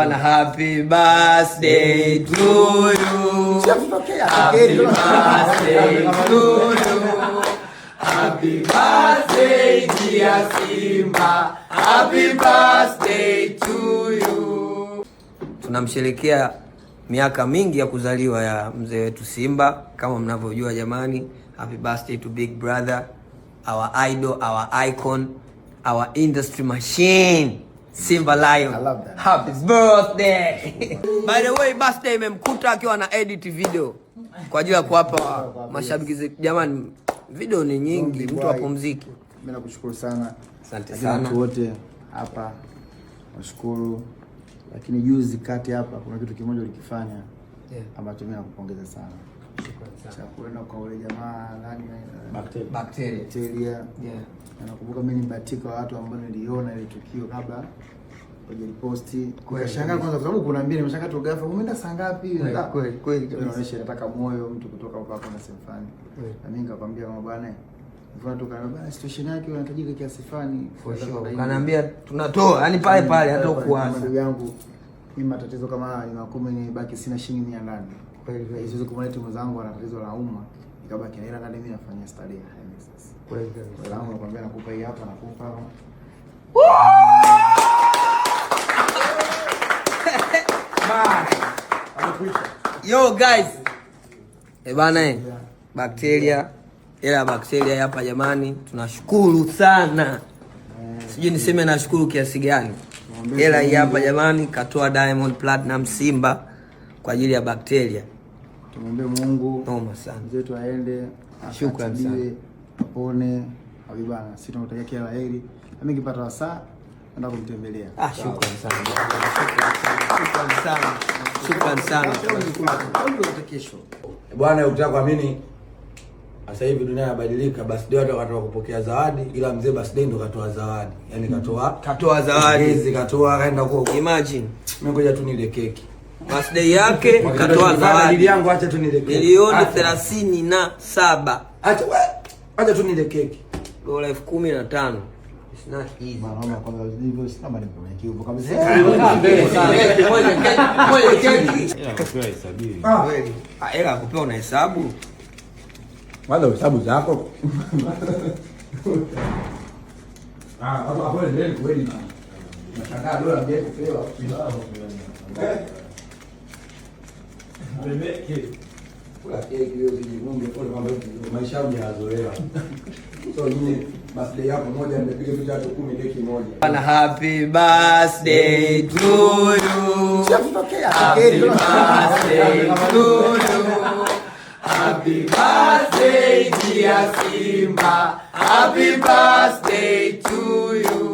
Bwana, happy birthday to you. Happy birthday to you. Happy birthday dear Simba. Happy birthday to you. Tunamsherekea miaka mingi ya kuzaliwa ya mzee wetu Simba kama mnavyojua jamani. Happy birthday to big brother, our idol, our icon, our industry machine. Simba Lion. I love that. Happy birthday. By the way, birthday imemkuta akiwa na edit video kwa ajili ya kuwapa mashabiki. Jamani, video ni nyingi, mtu apumziki. Mimi nakushukuru sana. Asante sana. Watu wote hapa nashukuru lakini juzi kati hapa kuna kitu kimoja ulikifanya yeah, ambacho mimi nakupongeza sana chakwenda kwa ule jamaa nani, eh, bakteria. bakteria, bakteria. Yeah. Nakumbuka mimi nibatika watu ambao niliona ile tukio kabla kwenye hujaliposti kashangaa kwanza, kwa sababu kuna mbili nimeshangaa tu ghafla, umeenda saa ngapi? Kweli ah, kweli, inaonyesha nataka moyo mtu kutoka huko hapo na sehemu fulani, na mimi nikakwambia kama bwana kana bana situation yake unahitajika kiasi fulani, kanaambia tunatoa, yani mm, pale pale hata kuanza. ndugu yangu mimi matatizo kama haya ni makumi, ni baki sina shilingi 800 kweli kweli, siwezi timu zangu ana tatizo la umma nikabaki na hela, mimi nafanya study ya sasa. Kweli kweli, salamu nakwambia, nakupa hii hapa, nakupa Yo guys, eh bana eh, bakteria ila ya bakteria hapa jamani, tunashukuru sana. Eh. Sijui niseme nashukuru kiasi gani. Hela hii hapa jamani, katoa Diamond Platinum Simba kwa ajili ya bakteria. Tumwombe Mungu noma sana mzetu aende, shukrani sana, apone habibana. Sisi tunakutakia kila la heri, nami kipata wasaa naenda kumtembelea. Ah, shukrani sana, shukrani sana, shukrani sana bwana, kuamini sasa hivi dunia inabadilika, birthday watu wakatoa kupokea zawadi, ila mzee birthday ndo katoa zawadi, yani katoa katoa zawadi hizi, katoa kaenda huko. Imagine mimi ngoja tu nile keki birthday yake, katoa zawadi. Dili yangu acha tu nile keki milioni thelathini na saba, acha acha tu nile keki dola elfu kumi na tano. Hela kupewa na hesabu kwanza hesabu zako. maisha yangu yanazoea. So nyinyi birthday yako moja mmepiga picha watu 10 deki moja. Bana happy birthday to you. Happy birthday to you. Happy birthday dear Simba, happy birthday to you.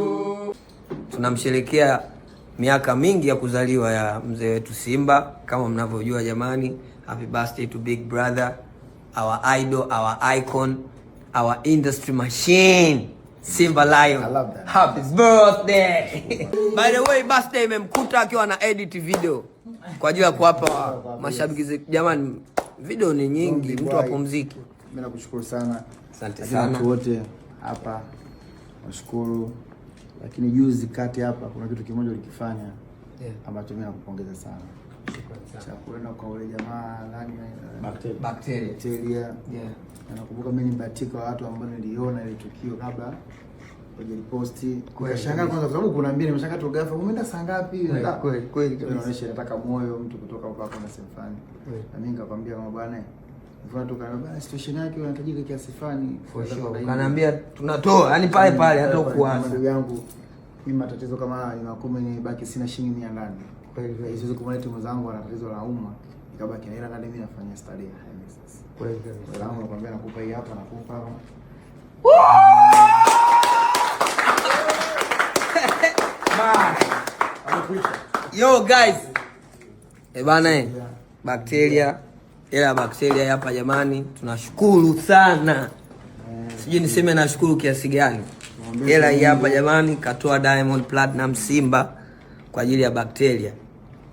Tunamsherekea miaka mingi ya kuzaliwa ya mzee wetu Simba kama mnavyojua jamani. Happy birthday to big brother, our idol, our icon, our industry machine Simba Lion. I love that. Happy birthday. By the way, birthday imemkuta akiwa na edit video kwa ajili ya kuwapa mashabiki jamani video ni nyingi, mtu apumziki. Mimi nakushukuru sana, asante sana wote hapa, nashukuru. Lakini juzi kati hapa kuna kitu kimoja ulikifanya yeah, ambacho mimi nakupongeza sana chakwenda kwa ule jamaa nani, eh, bakteria. Nakumbuka mimi ni bahatika wa watu ambao niliona ile tukio kabla Ujiliposti. Nikashangaa kwanza kwa sababu kuna mbili nimeshanga tu gafa. Umeenda saa ngapi? Kweli kweli tunaonyesha nataka moyo mtu kutoka huko hapo na sehemu fulani. Na mimi nikakwambia kama bwana situation yake unahitajika kiasi fulani. Kanaambia tunatoa, yani mm, pale pale hata ukuanza. Ndugu yangu mimi matatizo kama ni makumi ni baki sina shilingi 800. Kweli kweli siwezi kumleta mwenzangu ana tatizo la umma. Nikabaki na hela kadi mimi nafanya starehe. Nakwambia nakupa hii hapa nakupa hapa. Yo guys. Eh, bana eh. Bakteria. Ila bakteria hapa jamani, tunashukuru sana. Sijui niseme nashukuru kiasi gani. Ila hii hapa jamani, katoa Diamond Platinum Simba kwa ajili ya bakteria.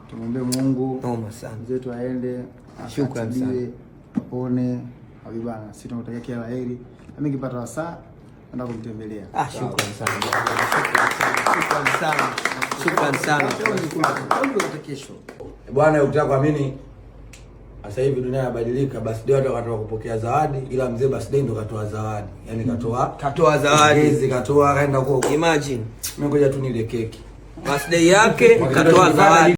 Tumwombe Mungu. Noma sana. Zetu aende. Shukrani sana. Apone. bana, sisi tunakutakia kila la heri. Mimi nikipata wasaa naenda kumtembelea. Ah, shukrani sana. Shukrani sana. Shukrani sana Bwana, ukitaka kuamini, sasa hivi dunia inabadilika. Birthday watu wakatoa kupokea zawadi, ila mzee birthday ndo katoa zawadi, yaani katoa mm. katoa zawadi hizi, katoa kaenda kwa imagine, mimi ngoja tu nile keki birthday yake, katoa zawadi.